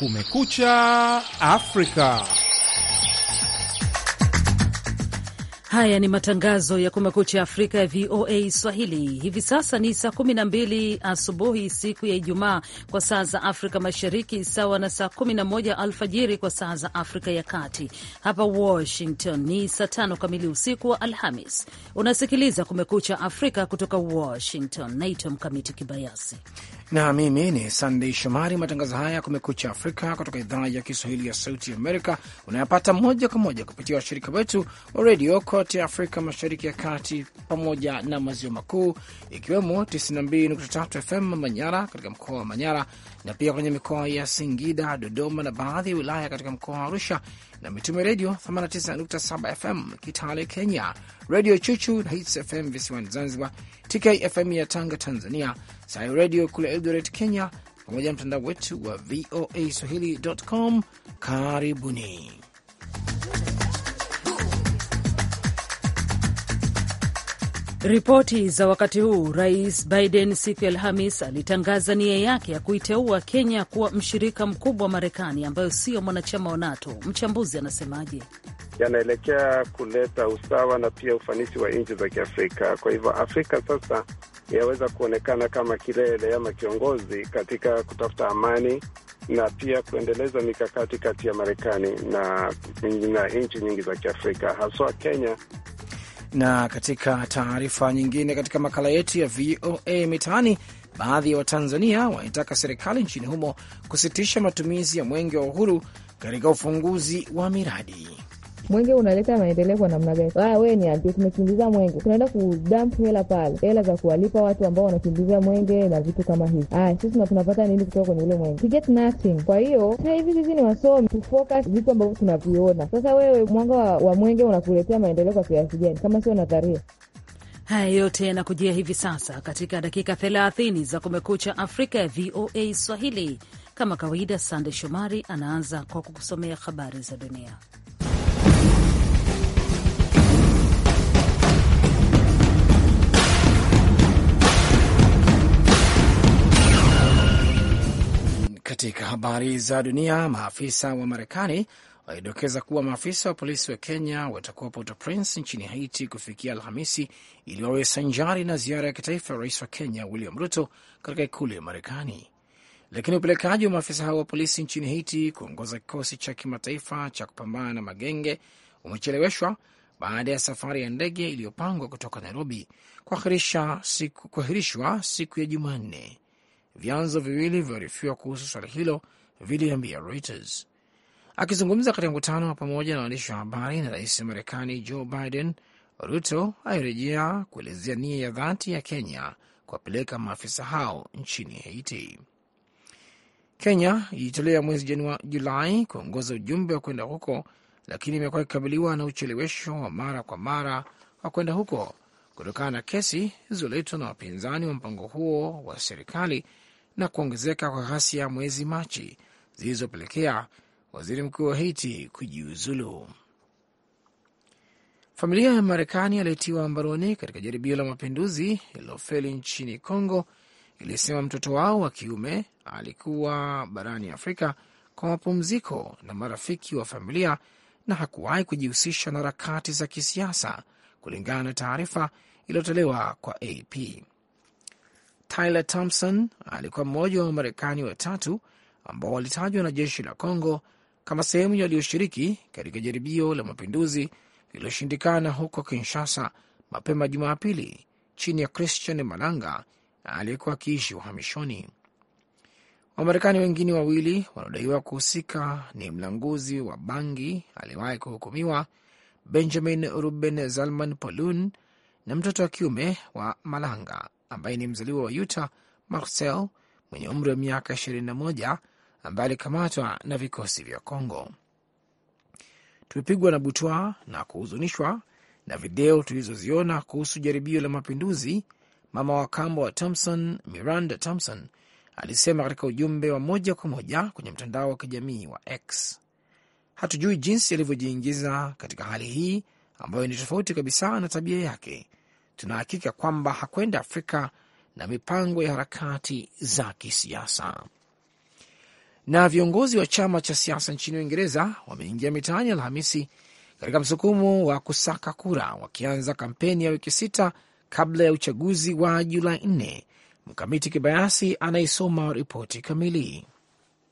Kumekucha Afrika. Haya ni matangazo ya Kumekucha Afrika ya VOA Swahili. Hivi sasa ni saa 12 asubuhi siku ya Ijumaa kwa saa za Afrika Mashariki, sawa na saa 11 alfajiri kwa saa za Afrika ya Kati. Hapa Washington ni saa tano kamili usiku wa Alhamis. Unasikiliza Kumekucha Afrika kutoka Washington. Naitwa Mkamiti Kibayasi na mimi ni Sandei Shomari. Matangazo haya Kumekucha Afrika kutoka idhaa ya Kiswahili ya Sauti Amerika unayapata moja kwa moja kupitia washirika wetu wa redio kote Afrika Mashariki ya Kati pamoja na Maziwa Makuu, ikiwemo 92.3 FM Manyara katika mkoa wa Manyara na pia kwenye mikoa ya Singida, Dodoma na baadhi ya wilaya katika mkoa wa Arusha, na Mitume Redio 89.7 FM Kitale Kenya, Redio Chuchu na Hits FM visiwani Zanzibar, TKFM ya Tanga Tanzania, Sayo Redio kule Eldoret Kenya, pamoja na mtandao wetu wa VOA Swahili.com. Karibuni. Ripoti za wakati huu. Rais Biden siku ya Alhamis alitangaza nia yake ya kuiteua Kenya kuwa mshirika mkubwa wa Marekani ambayo sio mwanachama wa NATO. Mchambuzi anasemaje? Yanaelekea kuleta usawa na pia ufanisi wa nchi za Kiafrika. Kwa hivyo, Afrika sasa yaweza kuonekana kama kilele ama kiongozi katika kutafuta amani na pia kuendeleza mikakati kati ya Marekani na, na nchi nyingi za Kiafrika haswa Kenya na katika taarifa nyingine, katika makala yetu ya VOA Mitaani, baadhi ya Watanzania wanaitaka serikali nchini humo kusitisha matumizi ya mwenge wa uhuru katika ufunguzi wa miradi. Mwenge unaleta maendeleo kwa namna gani? Ah, wewe niambie, tumekimbiza mwenge, tunaenda kudamp hela pale, hela za kuwalipa watu ambao wanakimbiza mwenge na vitu kama hivi. Aya, sisi tunapata nini kutoka kwenye ule mwenge? Get nothing. Kwa hiyo sasa hivi sisi ni wasomi, tufocus vitu ambavyo tunaviona. Sasa wewe mwanga wa, wa mwenge unakuletea maendeleo kwa kiasi gani kama sio nadharia? Haya yote yanakujia hivi sasa katika dakika 30 za Kumekucha Afrika ya VOA Swahili. Kama kawaida, Sande Shomari anaanza kwa kukusomea habari za dunia. Katika habari za dunia, maafisa wa Marekani walidokeza kuwa maafisa wa polisi wa Kenya watakuwa Port-au-Prince nchini Haiti kufikia Alhamisi ili wawe sanjari na ziara ya kitaifa ya rais wa Kenya William Ruto katika ikulu ya Marekani. Lakini upelekaji wa maafisa hao wa polisi nchini Haiti kuongoza kikosi cha kimataifa cha kupambana na magenge umecheleweshwa baada ya safari ya ndege iliyopangwa kutoka Nairobi kuahirishwa siku, siku ya Jumanne vyanzo viwili vyoarifiwa kuhusu swala hilo viliambia Reuters. Akizungumza katika mkutano wa pamoja na waandishi wa habari na rais wa Marekani Joe Biden, Ruto alirejea kuelezea nia ya dhati ya Kenya kuwapeleka maafisa hao nchini Haiti. Kenya ilijitolea mwezi Julai kuongoza ujumbe wa kwenda huko, lakini imekuwa ikikabiliwa na uchelewesho wa mara kwa mara wa kwenda huko kutokana na kesi zilizoletwa na wapinzani wa mpango huo wa serikali na kuongezeka kwa ghasia mwezi Machi zilizopelekea waziri mkuu wa Haiti kujiuzulu. Familia ya Marekani aliyetiwa mbaroni katika jaribio la mapinduzi lililofeli nchini congo ilisema mtoto wao wa kiume alikuwa barani Afrika kwa mapumziko na marafiki wa familia na hakuwahi kujihusisha na harakati za kisiasa, kulingana na taarifa iliyotolewa kwa AP. Tyler Thompson alikuwa mmoja wa Wamarekani watatu ambao walitajwa na jeshi la Congo kama sehemu yaliyoshiriki katika jaribio la mapinduzi lililoshindikana huko Kinshasa mapema Jumapili chini ya Christian Malanga aliyekuwa akiishi uhamishoni. Wamarekani wengine wawili wanaodaiwa kuhusika ni mlanguzi wa bangi aliyewahi kuhukumiwa Benjamin Ruben Zalman Polun na mtoto wa kiume wa Malanga ambaye ni mzaliwa wa Utah, Marcel mwenye umri wa miaka 21 ambaye alikamatwa na vikosi vya congo Tumepigwa na butwa na kuhuzunishwa na video tulizoziona kuhusu jaribio la mapinduzi, mama wa kambo wa Thompson, Miranda Thompson, alisema katika ujumbe wa moja kwa moja kwenye mtandao wa kijamii wa X. Hatujui jinsi alivyojiingiza katika hali hii ambayo ni tofauti kabisa na tabia yake tunahakika kwamba hakwenda Afrika na mipango ya harakati za kisiasa. Na viongozi wa chama cha siasa nchini Uingereza wameingia mitaani Alhamisi katika msukumo wa kusaka kura, wakianza kampeni ya wiki sita kabla ya uchaguzi wa Julai nne. Mkamiti Kibayasi anaisoma ripoti kamili.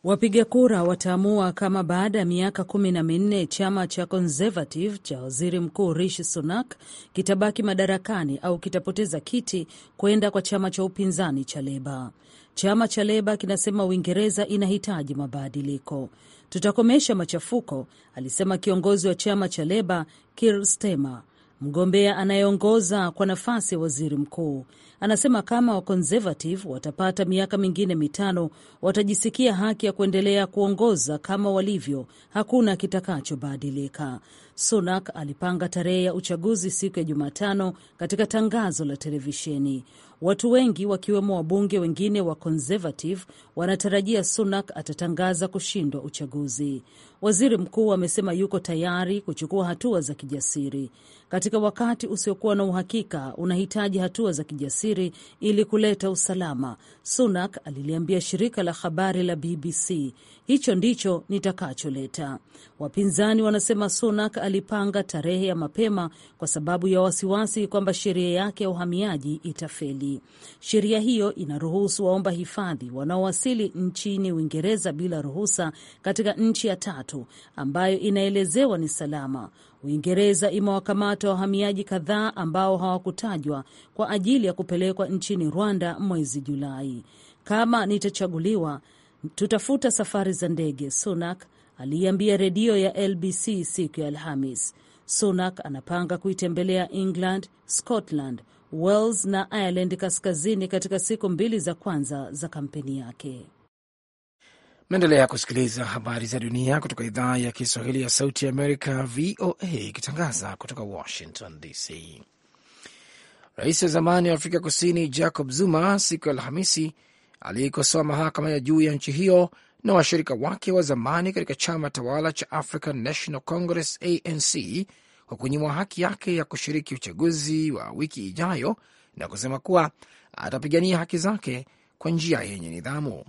Wapiga kura wataamua kama baada ya miaka kumi na minne chama cha Conservative cha waziri mkuu Rishi Sunak kitabaki madarakani au kitapoteza kiti kwenda kwa chama cha upinzani cha Leba. Chama cha Leba kinasema Uingereza inahitaji mabadiliko. Tutakomesha machafuko, alisema kiongozi wa chama cha Leba kir Stemer. Mgombea anayeongoza kwa nafasi ya waziri mkuu anasema kama wakonservative watapata miaka mingine mitano, watajisikia haki ya kuendelea kuongoza kama walivyo, hakuna kitakachobadilika. Sunak alipanga tarehe ya uchaguzi siku ya Jumatano katika tangazo la televisheni. Watu wengi wakiwemo wabunge wengine wa Conservative wanatarajia Sunak atatangaza kushindwa uchaguzi. Waziri mkuu amesema yuko tayari kuchukua hatua za kijasiri. Katika wakati usiokuwa na uhakika, unahitaji hatua za kijasiri ili kuleta usalama, Sunak aliliambia shirika la habari la BBC. Hicho ndicho nitakacholeta. Wapinzani wanasema Sunak alipanga tarehe ya mapema kwa sababu ya wasiwasi kwamba sheria yake ya uhamiaji itafeli. Sheria hiyo inaruhusu waomba hifadhi wanaowasili nchini Uingereza bila ruhusa katika nchi ya tatu ambayo inaelezewa ni salama. Uingereza imewakamata wahamiaji kadhaa ambao hawakutajwa kwa ajili ya kupelekwa nchini Rwanda mwezi Julai. Kama nitachaguliwa tutafuta safari za ndege, Sunak aliiambia redio ya LBC siku ya Alhamis. Sunak anapanga kuitembelea England, Scotland, Wales na Ireland kaskazini katika siku mbili za kwanza za kampeni yake. maendelea kusikiliza habari za dunia kutoka idhaa ya Kiswahili ya Sauti ya Amerika, VOA, ikitangaza kutoka Washington DC. Rais wa zamani wa Afrika Kusini Jacob Zuma siku ya Alhamisi aliikosoa mahakama ya juu ya nchi hiyo na washirika wake wa zamani katika chama tawala cha African National Congress ANC kwa kunyimwa haki yake ya kushiriki uchaguzi wa wiki ijayo na kusema kuwa atapigania haki zake kwa njia yenye nidhamu.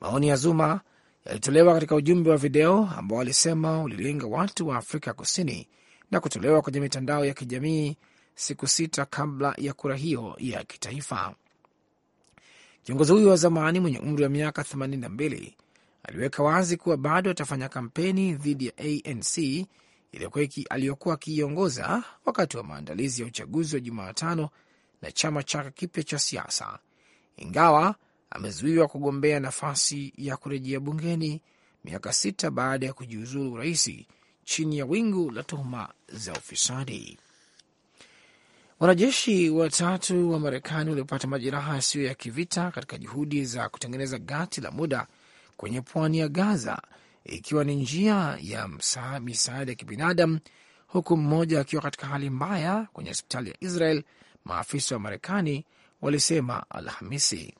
Maoni ya Zuma yalitolewa katika ujumbe wa video ambao alisema ulilenga watu wa Afrika Kusini na kutolewa kwenye mitandao ya kijamii siku sita kabla ya kura hiyo ya kitaifa. Kiongozi huyo wa zamani mwenye umri wa miaka 82 aliweka wazi kuwa bado atafanya kampeni dhidi ya ANC aliyokuwa akiiongoza wakati wa maandalizi ya uchaguzi wa Jumatano na chama chake kipya cha siasa, ingawa amezuiwa kugombea nafasi ya kurejea bungeni miaka sita baada ya kujiuzulu uraisi chini ya wingu la tuhuma za ufisadi. Wanajeshi watatu wa Marekani waliopata majeraha yasiyo ya kivita katika juhudi za kutengeneza gati la muda kwenye pwani ya Gaza, ikiwa ni njia ya misaada ya kibinadamu, huku mmoja akiwa katika hali mbaya kwenye hospitali ya Israel, maafisa wa Marekani walisema Alhamisi.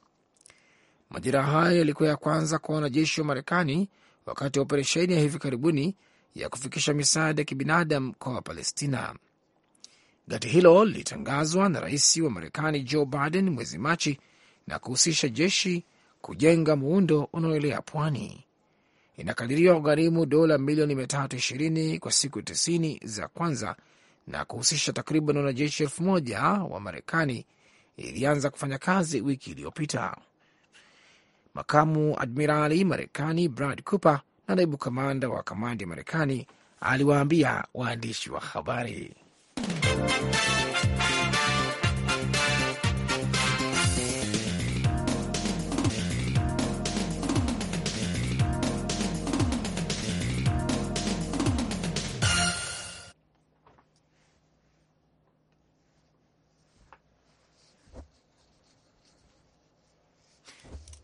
Majeraha hayo yalikuwa ya kwanza kwa wanajeshi wa Marekani wakati wa operesheni ya hivi karibuni ya kufikisha misaada ya kibinadamu kwa Wapalestina. Gati hilo lilitangazwa na rais wa Marekani Joe Biden mwezi Machi na kuhusisha jeshi kujenga muundo unaoelea pwani. Inakadiriwa kugharimu dola milioni 320 kwa siku 90 za kwanza na kuhusisha takriban wanajeshi elfu moja wa Marekani. Ilianza kufanya kazi wiki iliyopita. Makamu admirali Marekani Brad Cooper na naibu kamanda wa kamandi ya Marekani aliwaambia waandishi wa habari.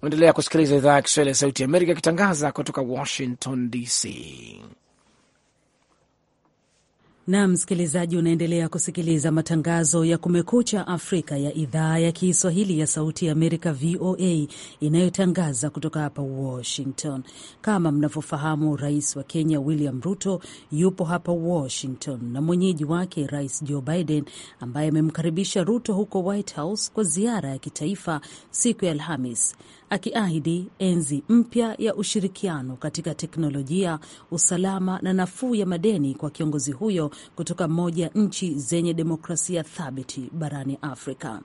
Endelea kusikiliza idhaa ya Kiswahili ya Sauti ya Amerika ikitangaza kutoka Washington DC. Na msikilizaji, unaendelea kusikiliza matangazo ya Kumekucha Afrika ya idhaa ya Kiswahili ya Sauti ya Amerika, VOA, inayotangaza kutoka hapa Washington. Kama mnavyofahamu, rais wa Kenya William Ruto yupo hapa Washington na mwenyeji wake Rais Joe Biden, ambaye amemkaribisha Ruto huko White House kwa ziara ya kitaifa siku ya Alhamis akiahidi enzi mpya ya ushirikiano katika teknolojia, usalama na nafuu ya madeni kwa kiongozi huyo kutoka moja nchi zenye demokrasia thabiti barani Afrika.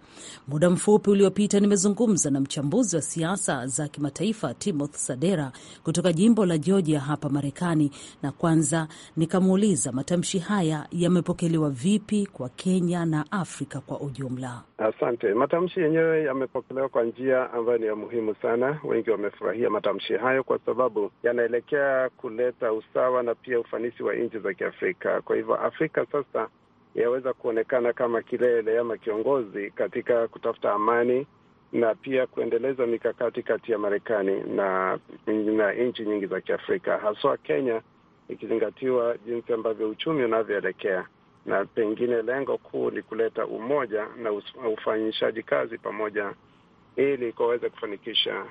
Muda mfupi uliopita, nimezungumza na mchambuzi wa siasa za kimataifa Timothy Sadera kutoka jimbo la Georgia hapa Marekani, na kwanza nikamuuliza matamshi haya yamepokelewa vipi kwa Kenya na Afrika kwa ujumla. Asante. Matamshi yenyewe yamepokelewa kwa njia ambayo ni ya muhimu muhimu sana. Wengi wamefurahia matamshi hayo kwa sababu yanaelekea kuleta usawa na pia ufanisi wa nchi za Kiafrika. Kwa hivyo, Afrika sasa yaweza kuonekana kama kilele ama kiongozi katika kutafuta amani na pia kuendeleza mikakati kati ya Marekani na, na nchi nyingi za Kiafrika, haswa Kenya, ikizingatiwa jinsi ambavyo uchumi unavyoelekea na pengine lengo kuu ni kuleta umoja na ufanyishaji kazi pamoja ili waweze kufanikisha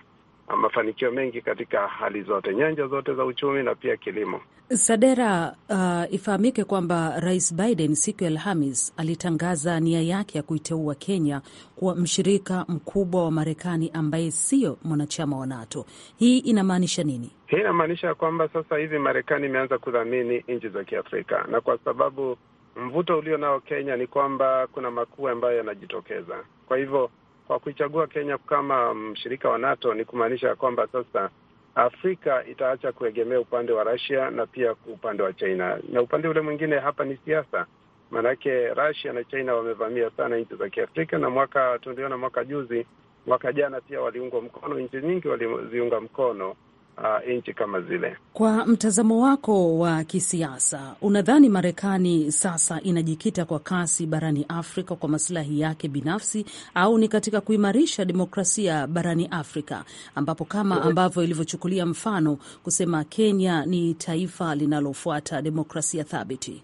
uh, mafanikio mengi katika hali zote, nyanja zote za uchumi na pia kilimo. Sadera, uh, ifahamike kwamba Rais Biden siku ya Alhamis alitangaza nia yake ya kuiteua Kenya kuwa mshirika mkubwa wa Marekani ambaye siyo mwanachama wa NATO. Hii inamaanisha nini? Hii inamaanisha kwamba sasa hivi Marekani imeanza kudhamini nchi za Kiafrika, na kwa sababu mvuto ulio nao Kenya ni kwamba kuna makuu ambayo yanajitokeza, kwa hivyo kwa kuichagua Kenya kama mshirika mm, wa NATO ni kumaanisha kwamba sasa Afrika itaacha kuegemea upande wa Russia na pia upande wa China. Na upande ule mwingine hapa ni siasa, maanake Russia na China wamevamia sana nchi za Kiafrika, na mwaka tuliona mwaka juzi, mwaka jana pia waliungwa mkono, nchi nyingi waliziunga mkono uh, nchi kama zile. Kwa mtazamo wako wa kisiasa, unadhani Marekani sasa inajikita kwa kasi barani Afrika kwa masilahi yake binafsi au ni katika kuimarisha demokrasia barani Afrika, ambapo kama ambavyo ilivyochukulia mfano kusema Kenya ni taifa linalofuata demokrasia thabiti?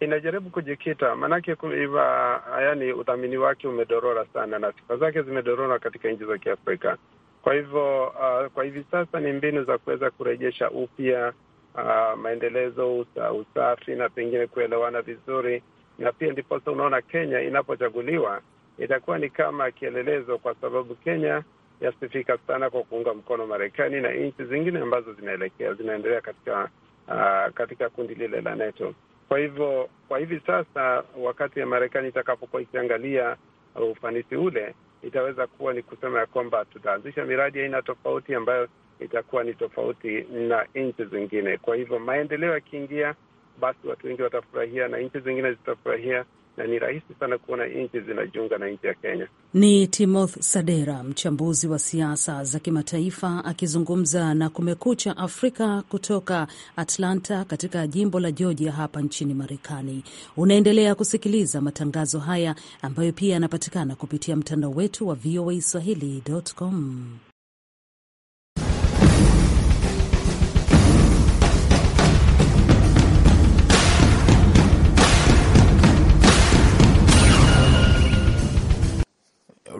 inajaribu kujikita maanake, yani, udhamini wake umedorora sana na sifa zake zimedorora katika nchi za Kiafrika. Kwa hivyo uh, kwa hivi sasa ni mbinu za kuweza kurejesha upya uh, maendelezo, usa, usafi na pengine kuelewana vizuri, na pia ndiposa unaona Kenya inapochaguliwa itakuwa ni kama kielelezo, kwa sababu Kenya yasifika sana kwa kuunga mkono Marekani na nchi zingine ambazo zinaelekea zinaendelea katika uh, katika kundi lile la NATO. Kwa hivyo kwa hivi sasa, wakati ya Marekani itakapokuwa ikiangalia uh, ufanisi ule itaweza kuwa ni kusema ya kwamba tutaanzisha miradi aina tofauti ambayo itakuwa ni tofauti na nchi zingine. Kwa hivyo maendeleo yakiingia, basi watu wengi watafurahia na nchi zingine zitafurahia, na ni rahisi sana kuona nchi zinajiunga na nchi ya Kenya. Ni Timoth Sadera, mchambuzi wa siasa za kimataifa akizungumza na Kumekucha Afrika kutoka Atlanta katika jimbo la Georgia hapa nchini Marekani. Unaendelea kusikiliza matangazo haya ambayo pia yanapatikana kupitia mtandao wetu wa voa swahili.com.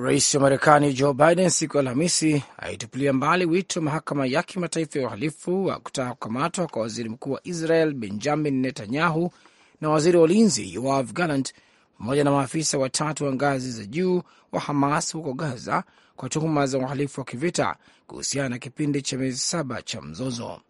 Rais wa Marekani Joe Biden siku ya Alhamisi alitupilia mbali wito mahakama ya kimataifa ya uhalifu wa kutaka kukamatwa kwa waziri mkuu wa Israel Benjamin Netanyahu na waziri wa ulinzi Yoav Gallant pamoja na maafisa watatu wa ngazi za juu wa Hamas huko Gaza kwa tuhuma za uhalifu wa kivita kuhusiana na kipindi cha miezi saba cha mzozo.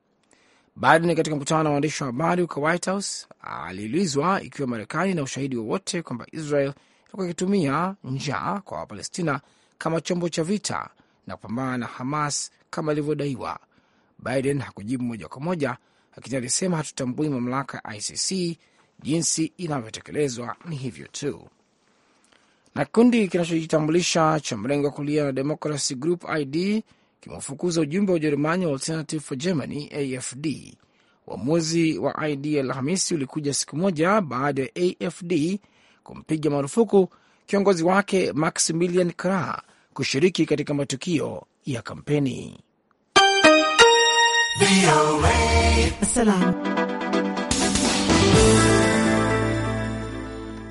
Biden katika mkutano na waandishi wa habari huko White House aliulizwa ikiwa Marekani na ushahidi wowote kwamba Israel wakitumia njaa kwa Wapalestina kama chombo cha vita na kupambana na Hamas kama ilivyodaiwa. Biden hakujibu moja kwa moja, lakini alisema hatutambui mamlaka ya ICC, jinsi inavyotekelezwa ni hivyo tu. Na kikundi kinachojitambulisha cha mrengo wa kulia na Democracy Group ID kimefukuza ujumbe wa Ujerumani wa Alternative for Germany AFD. Uamuzi wa ID Alhamisi ulikuja siku moja baada ya AFD kumpiga marufuku kiongozi wake Maximilian cra kushiriki katika matukio ya kampeni. Salam.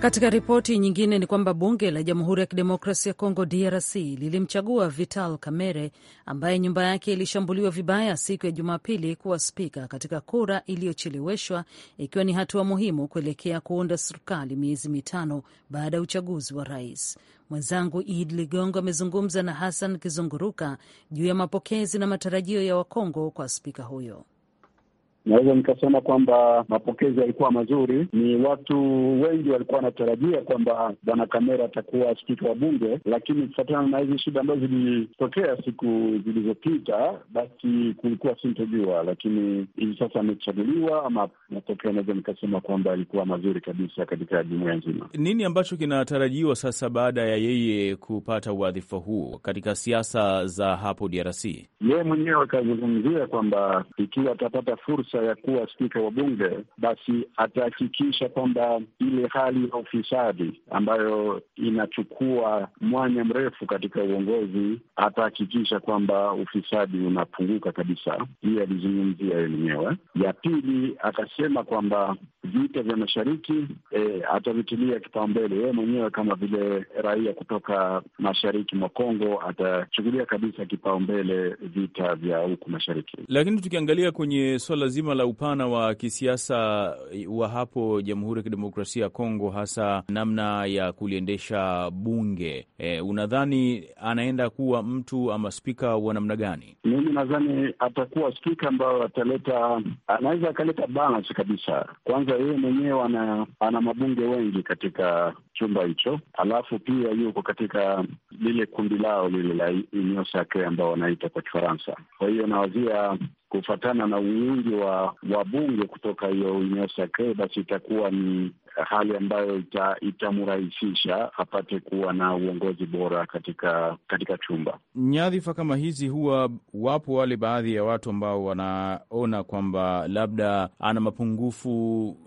Katika ripoti nyingine ni kwamba bunge la Jamhuri ya Kidemokrasia ya Kongo DRC lilimchagua Vital Kamerhe ambaye nyumba yake ilishambuliwa vibaya siku ya Jumapili kuwa spika katika kura iliyocheleweshwa, ikiwa ni hatua muhimu kuelekea kuunda serikali miezi mitano baada ya uchaguzi wa rais. Mwenzangu Id Ligongo amezungumza na Hassan Kizunguruka juu ya mapokezi na matarajio ya Wakongo kwa spika huyo naweza nikasema kwamba mapokezi yalikuwa mazuri. Ni watu wengi walikuwa wanatarajia kwamba bwana Kamera atakuwa spika wa bunge, lakini kufuatana na hizi shida ambazo zilitokea siku zilizopita, basi kulikuwa sintojua, lakini hivi sasa amechaguliwa, ama matokeo naweza nikasema kwamba yalikuwa mazuri kabisa katika jumuiya nzima. Nini ambacho kinatarajiwa sasa baada ya yeye kupata wadhifa huo katika siasa za hapo DRC? Yeye mwenyewe akazungumzia kwamba ikiwa atapata fursa fursa ya kuwa spika wa bunge, basi atahakikisha kwamba ile hali ya ufisadi ambayo inachukua mwanya mrefu katika uongozi, atahakikisha kwamba ufisadi unapunguka kabisa. Hii alizungumzia yeye mwenyewe. Ya pili, akasema kwamba vita vya mashariki e, atavitilia kipaumbele yeye mwenyewe kama vile raia kutoka mashariki mwa Kongo atachukulia kabisa kipaumbele vita vya huku mashariki, lakini tukiangalia kwenye swala zima zima la upana wa kisiasa wa hapo Jamhuri ya Kidemokrasia ya Kongo, hasa namna ya kuliendesha bunge e, unadhani anaenda kuwa mtu ama spika wa namna gani? Mimi nadhani atakuwa spika ambayo ataleta, anaweza akaleta balance kabisa. Kwanza yeye mwenyewe ana, ana mabunge wengi katika chumba hicho, alafu pia yuko katika lile kundi lao lile la Union ambao wanaita kwa Kifaransa. Kwa hiyo nawazia kufatana na uwingi wa wabunge kutoka hiyo Union basi itakuwa ni hali ambayo itamrahisisha ita apate kuwa na uongozi bora katika katika chumba. Nyadhifa kama hizi, huwa wapo wale baadhi ya watu ambao wanaona kwamba labda ana mapungufu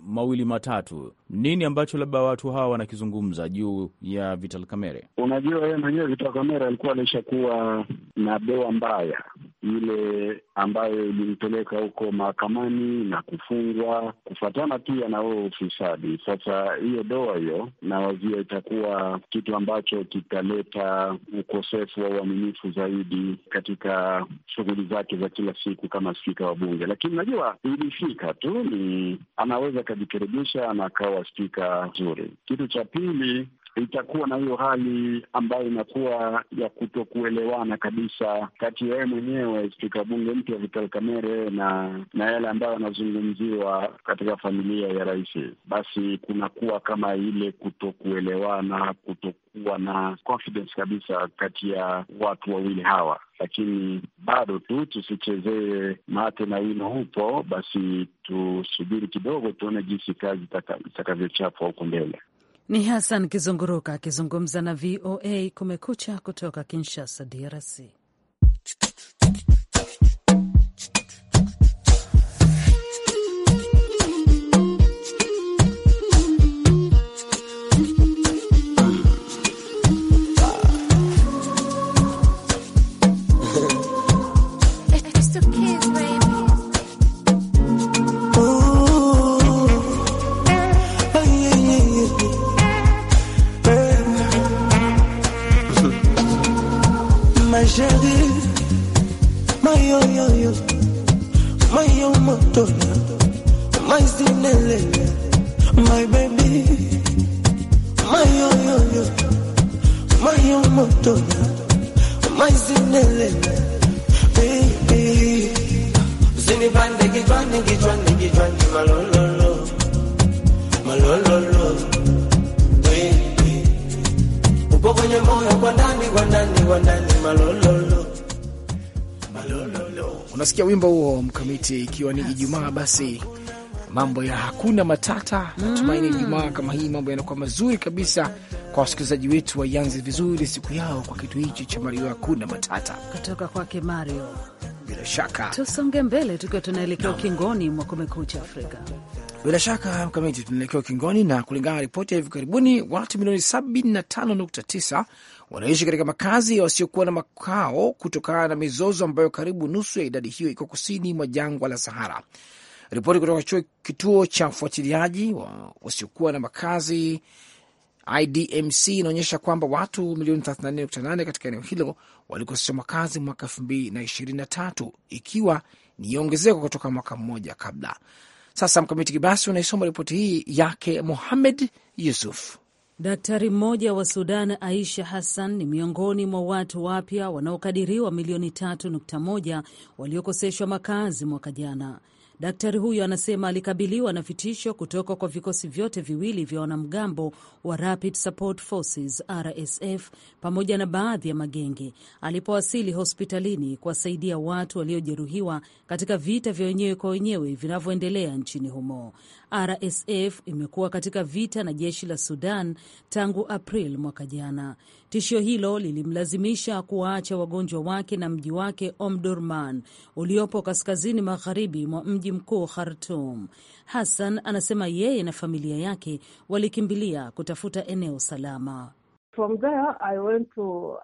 mawili matatu. Nini ambacho labda watu hawa wanakizungumza juu ya Vital Kamerhe? Unajua, yeye mwenyewe Vital Kamerhe alikuwa alishakuwa na doa mbaya ile ambayo ilimpeleka huko mahakamani na kufungwa kufuatana pia na huo ufisadi. Sasa hiyo doa hiyo na wazia itakuwa kitu ambacho kitaleta ukosefu wa uaminifu zaidi katika shughuli zake za kila siku kama spika wa Bunge. Lakini najua ilifika tu, ni anaweza akajikaribisha na akawa spika zuri Kitu cha pili itakuwa na hiyo hali ambayo inakuwa ya kutokuelewana kabisa kati ya yeye mwenyewe spika bunge mpya Vital Kamerhe na na yale ambayo anazungumziwa katika familia ya rais. Basi kunakuwa kama ile kutokuelewana, kutokuwa na confidence kabisa kati ya watu wawili hawa lakini bado tu tusichezee mate na wino hupo. Basi tusubiri kidogo, tuone jinsi kazi itakavyochapwa huko mbele. Ni Hassan Kizunguruka akizungumza na VOA Kumekucha kutoka Kinshasa, DRC. Unasikia wimbo huo mkamiti, ikiwa ni Ijumaa basi mambo ya hakuna matata. Natumaini mm. Ijumaa kama hii mambo yanakuwa mazuri kabisa kwa wasikilizaji wetu waianze vizuri siku yao kwa kitu hichi cha Mario hakuna matata kutoka kwake Mario. Bila shaka tusonge mbele tukiwa tunaelekea ukingoni mwa Kumekucha Afrika. Bila shaka mkamiti, tunaelekea ukingoni, na kulingana na ripoti ya hivi karibuni, watu milioni 75.9 wanaishi katika makazi ya wasiokuwa na makao kutokana na mizozo ambayo karibu nusu ya idadi hiyo iko kusini mwa jangwa la Sahara. Ripoti kutoka chuo kituo cha ufuatiliaji wa wasiokuwa na makazi IDMC inaonyesha kwamba watu milioni 34.8 katika eneo hilo walikosesha makazi mwaka 2023 ikiwa ni ongezeko kutoka mwaka mmoja kabla. Sasa Mkamiti Kibasi unaisoma ripoti hii yake muhamed Yusuf. Daktari mmoja wa Sudan, Aisha Hassan, ni miongoni mwa watu wapya wanaokadiriwa milioni 3.1 waliokoseshwa makazi mwaka jana. Daktari huyo anasema alikabiliwa na vitisho kutoka kwa vikosi vyote viwili vya wanamgambo wa Rapid Support Forces RSF pamoja na baadhi ya magenge alipowasili hospitalini kuwasaidia watu waliojeruhiwa katika vita vya wenyewe kwa wenyewe vinavyoendelea nchini humo. RSF imekuwa katika vita na jeshi la Sudan tangu April mwaka jana. Tishio hilo lilimlazimisha kuwaacha wagonjwa wake na mji wake Omdurman uliopo kaskazini magharibi mwa mji mkuu Khartum. Hassan anasema yeye na familia yake walikimbilia kutafuta eneo salama. From there, I went to, uh,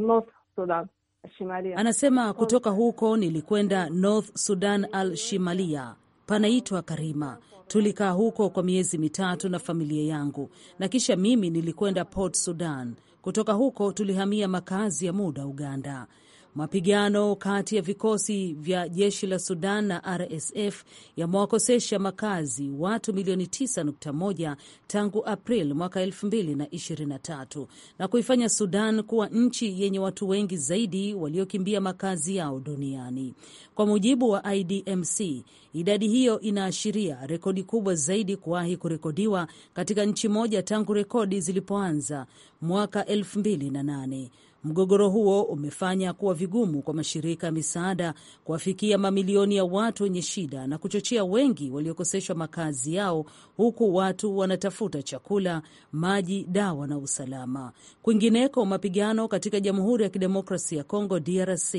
North Sudan. Shimalia. Anasema kutoka huko nilikwenda North Sudan al Shimalia panaitwa Karima. Tulikaa huko kwa miezi mitatu na familia yangu, na kisha mimi nilikwenda Port Sudan. Kutoka huko tulihamia makazi ya muda Uganda. Mapigano kati ya vikosi vya jeshi la Sudan na RSF yamewakosesha makazi watu milioni 9.1 tangu April mwaka 2023 na kuifanya Sudan kuwa nchi yenye watu wengi zaidi waliokimbia makazi yao duniani. Kwa mujibu wa IDMC, idadi hiyo inaashiria rekodi kubwa zaidi kuwahi kurekodiwa katika nchi moja tangu rekodi zilipoanza mwaka 2008. Mgogoro huo umefanya kuwa vigumu kwa mashirika ya misaada kuwafikia mamilioni ya watu wenye shida na kuchochea wengi waliokoseshwa makazi yao, huku watu wanatafuta chakula, maji, dawa na usalama. Kwingineko, mapigano katika Jamhuri ya kidemokrasi ya Kongo DRC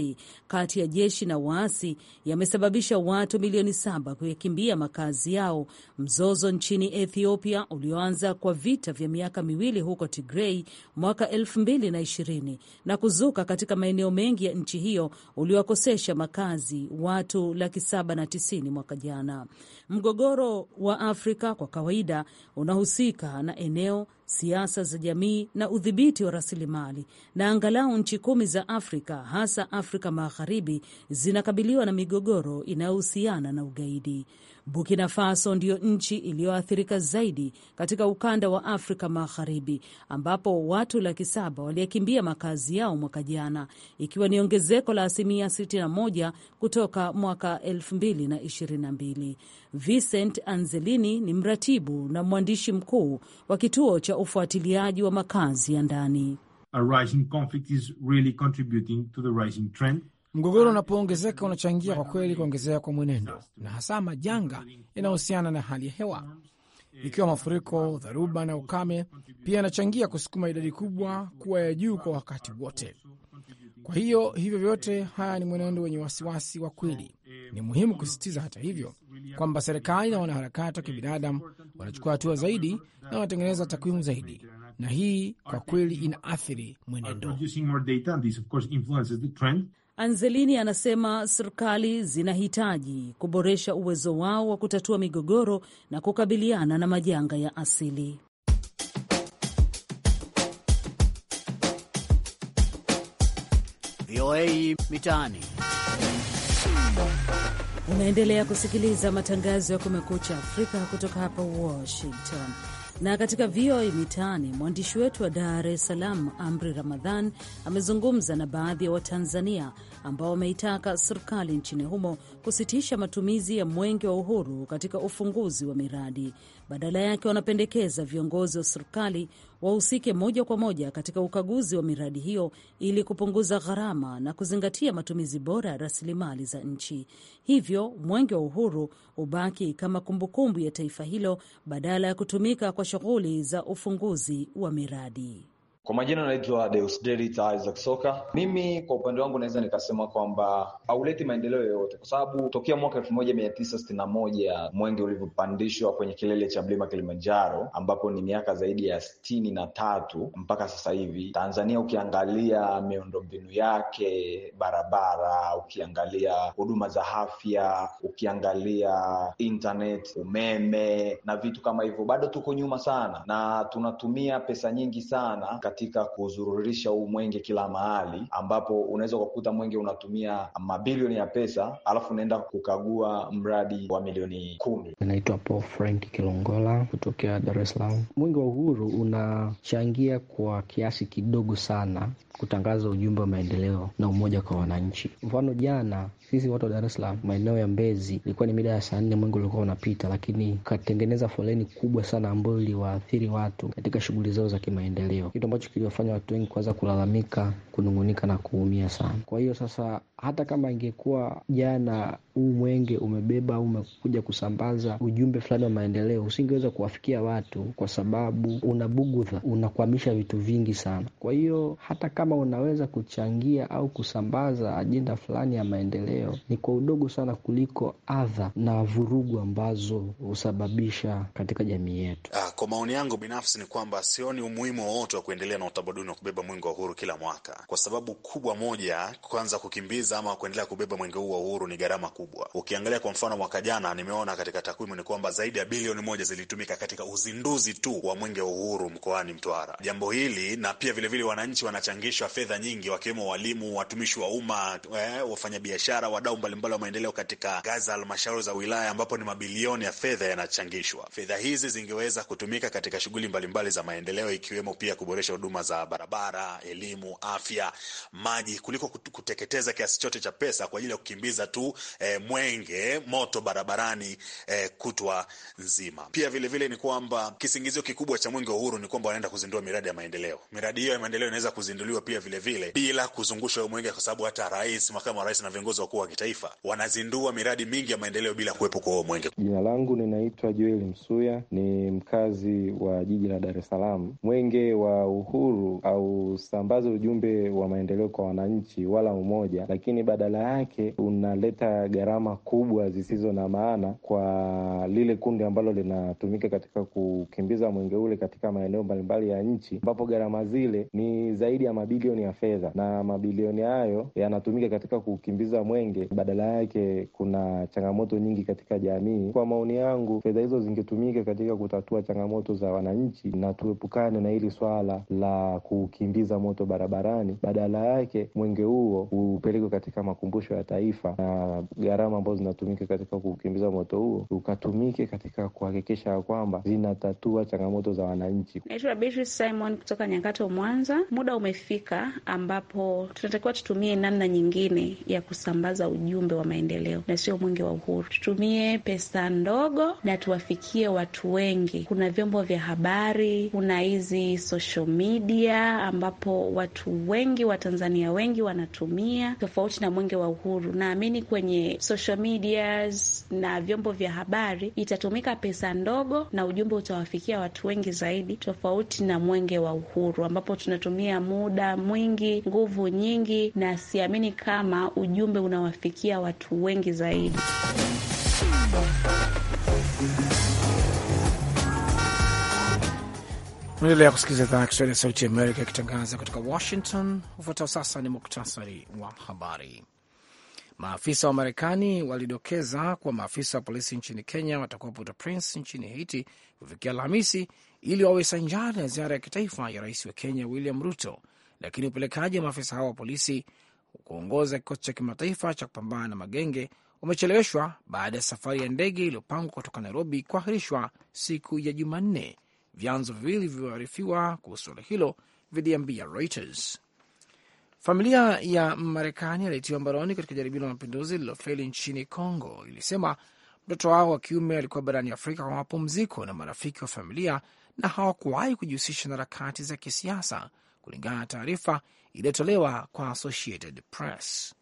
kati ya jeshi na waasi yamesababisha watu milioni saba kuyakimbia makazi yao. Mzozo nchini Ethiopia ulioanza kwa vita vya miaka miwili huko Tigrei mwaka elfu mbili na ishirini na kuzuka katika maeneo mengi ya nchi hiyo uliowakosesha makazi watu laki saba na tisini mwaka jana. Mgogoro wa Afrika kwa kawaida unahusika na eneo, siasa za jamii na udhibiti wa rasilimali, na angalau nchi kumi za Afrika hasa Afrika Magharibi zinakabiliwa na migogoro inayohusiana na ugaidi. Burkina Faso ndiyo nchi iliyoathirika zaidi katika ukanda wa Afrika Magharibi, ambapo watu laki saba waliyekimbia makazi yao mwaka jana, ikiwa ni ongezeko la asilimia 61 kutoka mwaka 2022. Vincent Anzelini ni mratibu na mwandishi mkuu wa kituo cha ufuatiliaji wa makazi ya ndani. A rising conflict is really contributing to the rising trend. Mgogoro unapoongezeka unachangia kwa kweli kuongezeka kwa mwenendo na hasa majanga yanayohusiana na hali ya hewa, ikiwa mafuriko, dharuba na ukame. Pia yanachangia kusukuma idadi kubwa kuwa ya juu kwa wakati wote. Kwa hiyo hivyo vyote haya ni mwenendo wenye wasiwasi wa kweli. Ni muhimu kusisitiza hata hivyo kwamba serikali na wanaharakati wa kibinadamu wanachukua hatua zaidi na wanatengeneza takwimu zaidi, na hii kwa kweli inaathiri mwenendo. Anzelini anasema serikali zinahitaji kuboresha uwezo wao wa kutatua migogoro na kukabiliana na majanga ya asili. VOA Mitaani. Unaendelea kusikiliza matangazo ya Kumekucha Afrika kutoka hapa Washington. Na katika VOA Mitaani, mwandishi wetu wa Dar es Salaam, Amri Ramadhan, amezungumza na baadhi ya Watanzania ambao wameitaka serikali nchini humo kusitisha matumizi ya mwenge wa uhuru katika ufunguzi wa miradi. Badala yake, wanapendekeza viongozi wa serikali wahusike moja kwa moja katika ukaguzi wa miradi hiyo ili kupunguza gharama na kuzingatia matumizi bora ya rasilimali za nchi. Hivyo mwenge wa uhuru ubaki kama kumbukumbu ya taifa hilo badala ya kutumika kwa shughuli za ufunguzi wa miradi. Kwa majina naitwa Deusdedith Isaac Soka. Mimi kwa upande wangu naweza nikasema kwamba hauleti maendeleo yoyote, kwa sababu tokea mwaka elfu moja mia tisa sitini na moja mwenge ulivyopandishwa kwenye kilele cha mlima Kilimanjaro, ambapo ni miaka zaidi ya sitini na tatu mpaka sasa hivi, Tanzania ukiangalia miundombinu yake, barabara, ukiangalia huduma za afya, ukiangalia internet, umeme na vitu kama hivyo, bado tuko nyuma sana na tunatumia pesa nyingi sana katika kuzururisha huu mwenge kila mahali, ambapo unaweza ukakuta mwenge unatumia mabilioni ya pesa alafu unaenda kukagua mradi wa milioni kumi. inaitwa Paul Frank Kilongola kutokea Dar es Salaam. Mwenge wa Uhuru unachangia kwa kiasi kidogo sana kutangaza ujumbe wa maendeleo na umoja kwa wananchi. Mfano, jana sisi watu wa Dar es Salaam, maeneo ya Mbezi, ilikuwa ni mida ya saa nne, mwenge ulikuwa unapita, lakini ukatengeneza foleni kubwa sana ambayo iliwaathiri watu katika shughuli zao za kimaendeleo, kitu ambacho kiliofanya watu wengi kuanza kulalamika, kunungunika na kuumia sana. Kwa hiyo sasa hata kama ingekuwa jana huu mwenge umebeba au umekuja kusambaza ujumbe fulani wa maendeleo, usingeweza kuwafikia watu kwa sababu una bugudha, unakwamisha vitu vingi sana. Kwa hiyo hata kama unaweza kuchangia au kusambaza ajenda fulani ya maendeleo, ni kwa udogo sana kuliko adha na vurugu ambazo husababisha katika jamii yetu. Ah, kwa maoni yangu binafsi ni kwamba sioni umuhimu wowote wa kuendelea na utamaduni wa kubeba mwenge wa uhuru kila mwaka kwa sababu kubwa moja, kwanza kukimbiza kuendeleza ama kuendelea kubeba mwenge huu wa uhuru ni gharama kubwa. Ukiangalia kwa mfano mwaka jana, nimeona katika takwimu ni kwamba zaidi ya bilioni moja zilitumika katika uzinduzi tu wa mwenge wa uhuru mkoani Mtwara. Jambo hili na pia vilevile wananchi wanachangishwa fedha nyingi, wakiwemo walimu, watumishi wa umma, eh, wafanyabiashara, wadau mbalimbali wa maendeleo katika ngazi za halmashauri za wilaya, ambapo ni mabilioni ya fedha yanachangishwa. Fedha hizi zingeweza kutumika katika shughuli mbalimbali za maendeleo, ikiwemo pia kuboresha huduma za barabara, elimu, afya, maji kuliko kuteketeza kiasi kiasi chote cha pesa kwa ajili ya kukimbiza tu eh, mwenge moto barabarani eh, kutwa nzima. Pia vilevile vile ni kwamba kisingizio kikubwa cha mwenge wa uhuru ni kwamba wanaenda kuzindua miradi ya maendeleo. Miradi hiyo ya maendeleo inaweza kuzinduliwa pia vilevile vile, bila kuzungusha mwenge, kwa sababu hata rais, makamu wa rais na viongozi wakuu wa kitaifa wanazindua miradi mingi ya maendeleo bila kuwepo kwa huo mwenge. Jina langu ninaitwa Joel Msuya, ni mkazi wa jiji la Dar es Salaam. Mwenge wa uhuru hausambazi ujumbe wa maendeleo kwa wananchi wala umoja, lakini lakini badala yake unaleta gharama kubwa zisizo na maana kwa lile kundi ambalo linatumika katika kukimbiza mwenge ule katika maeneo mbalimbali ya nchi, ambapo gharama zile ni zaidi ya mabilioni ya fedha, na mabilioni hayo yanatumika katika kukimbiza mwenge. Badala yake kuna changamoto nyingi katika jamii. Kwa maoni yangu, fedha hizo zingetumika katika kutatua changamoto za wananchi na tuepukane na hili swala la kukimbiza moto barabarani. Badala yake mwenge huo upelekwe katika makumbusho ya taifa na gharama ambazo zinatumika katika kukimbiza moto huo ukatumike katika kuhakikisha ya kwamba zinatatua changamoto za wananchi. Naitwa Beatrice Simon kutoka Nyakato, Mwanza. Muda umefika ambapo tunatakiwa tutumie namna nyingine ya kusambaza ujumbe wa maendeleo na sio mwingi wa uhuru. Tutumie pesa ndogo na tuwafikie watu wengi. Kuna vyombo vya habari, kuna hizi social media ambapo watu wengi wa Tanzania wengi wanatumia tofauti tofauti na mwenge wa uhuru. Naamini kwenye social medias na vyombo vya habari itatumika pesa ndogo na ujumbe utawafikia watu wengi zaidi, tofauti na mwenge wa uhuru ambapo tunatumia muda mwingi, nguvu nyingi, na siamini kama ujumbe unawafikia watu wengi zaidi. Unaendelea kusikiliza idhaa ya Kiswahili ya Sauti ya Amerika ikitangaza kutoka Washington. Ufuatao sasa ni muktasari wa habari. Maafisa wa Marekani walidokeza kuwa maafisa wa polisi nchini Kenya watakuwa Port au Prince nchini Haiti kufikia Alhamisi ili wawe sanjari na ziara ya kitaifa ya rais wa Kenya William Ruto, lakini upelekaji wa maafisa hao wa polisi kuongoza kikosi cha kimataifa cha kupambana na magenge umecheleweshwa baada ya safari ya ndege iliyopangwa kutoka Nairobi kuahirishwa siku ya Jumanne vyanzo viwili vilivyoarifiwa kuhusu suala hilo viliambia Reuters. Familia ya Marekani aliyetiwa mbaroni katika jaribio la mapinduzi lililofeli nchini Congo ilisema mtoto wao wa kiume alikuwa barani Afrika kwa mapumziko na marafiki wa familia na hawakuwahi kujihusisha na harakati za kisiasa, kulingana na taarifa iliyotolewa kwa Associated Press.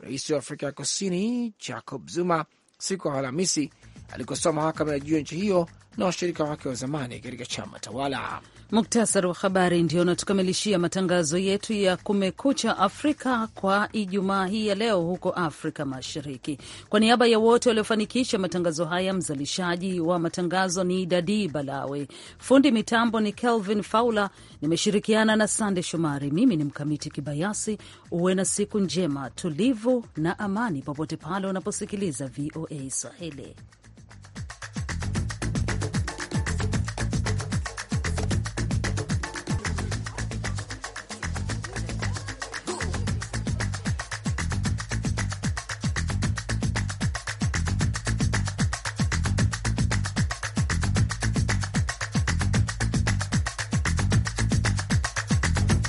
Rais wa Afrika ya Kusini Jacob Zuma siku ya Alhamisi alikosoa mahakama ya juu ya nchi hiyo na washirika wake wa zamani katika chama tawala. Muktasari wa habari ndio unatukamilishia matangazo yetu ya Kumekucha Afrika kwa Ijumaa hii ya leo, huko Afrika Mashariki. Kwa niaba ya wote waliofanikisha matangazo haya, mzalishaji wa matangazo ni dadii Balawe, fundi mitambo ni Kelvin Faula, nimeshirikiana na Sande Shomari. Mimi ni Mkamiti Kibayasi. Uwe na siku njema, tulivu na amani, popote pale unaposikiliza VOA Swahili.